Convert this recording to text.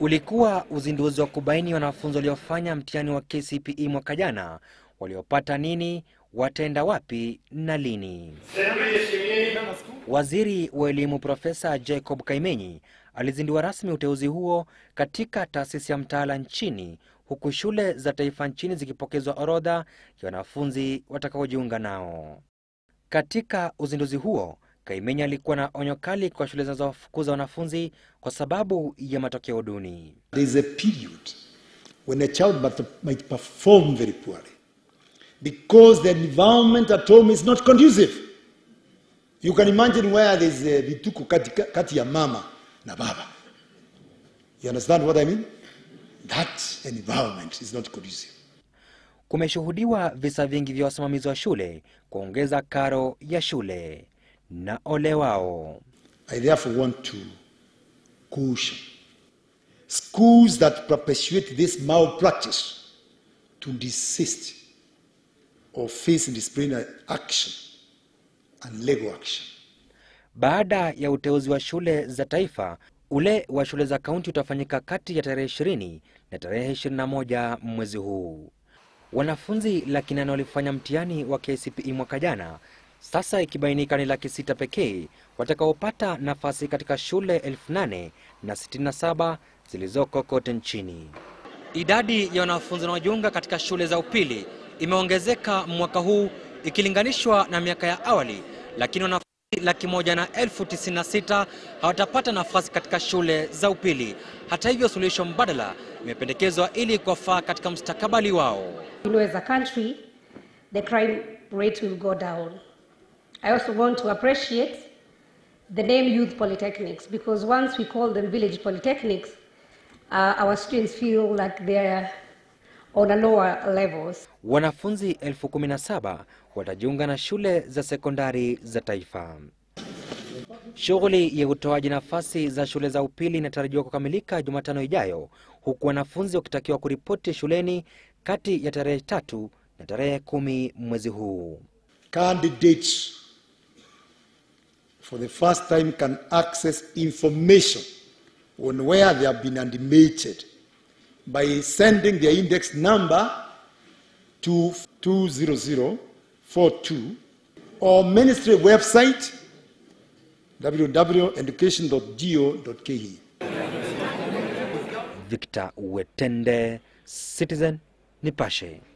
Ulikuwa uzinduzi wa kubaini wanafunzi waliofanya mtihani wa KCPE mwaka jana waliopata nini, wataenda wapi na lini. Waziri wa Elimu Profesa Jacob Kaimenyi alizindua rasmi uteuzi huo katika taasisi ya mtaala nchini, huku shule za taifa nchini zikipokezwa orodha ya wanafunzi watakaojiunga nao. Katika uzinduzi huo Kaimenya alikuwa na onyo kali kwa shule zinazofukuza wanafunzi kwa sababu ya matokeo duni. There is a period when a child might perform very poorly because the environment at home is not conducive. You can imagine where there is a vituko kati, kati ya mama na baba. You understand what I mean? That environment is not conducive. Kumeshuhudiwa visa vingi vya wasimamizi wa shule kuongeza karo ya shule na ole wao. I therefore want to caution schools that perpetuate this malpractice to desist or face disciplinary action and legal action. Baada ya uteuzi wa shule za taifa, ule wa shule za kaunti utafanyika kati ya tarehe 20 na tarehe 21 mwezi huu. Wanafunzi laki nane walifanya mtihani wa KCPE mwaka jana sasa ikibainika ni laki sita pekee watakaopata nafasi katika shule elfu nane na 67 zilizoko kote nchini. Idadi ya wanafunzi wanaojiunga katika shule za upili imeongezeka mwaka huu ikilinganishwa na miaka ya awali, lakini wanafunzi laki moja na elfu tisini na sita hawatapata nafasi katika shule za upili. Hata hivyo, suluhisho mbadala imependekezwa ili kuwafaa katika mstakabali wao. You know, as a country, the crime rate will go down. I also want to appreciate the name Youth Polytechnics because once we call them village polytechnics, uh, our students feel like they're on a lower levels. Wanafunzi elfu kumi na saba watajiunga na shule za sekondari za taifa. Shughuli ya utoaji nafasi za shule za upili inatarajiwa kukamilika Jumatano ijayo, huku wanafunzi wakitakiwa kuripoti shuleni kati ya tarehe tatu na tarehe kumi mwezi huu. Candidates for the first time can access information on where they have been animated by sending their index number to 20042 or ministry website www.education.go.ke. Victor Wetende, Citizen Nipashe.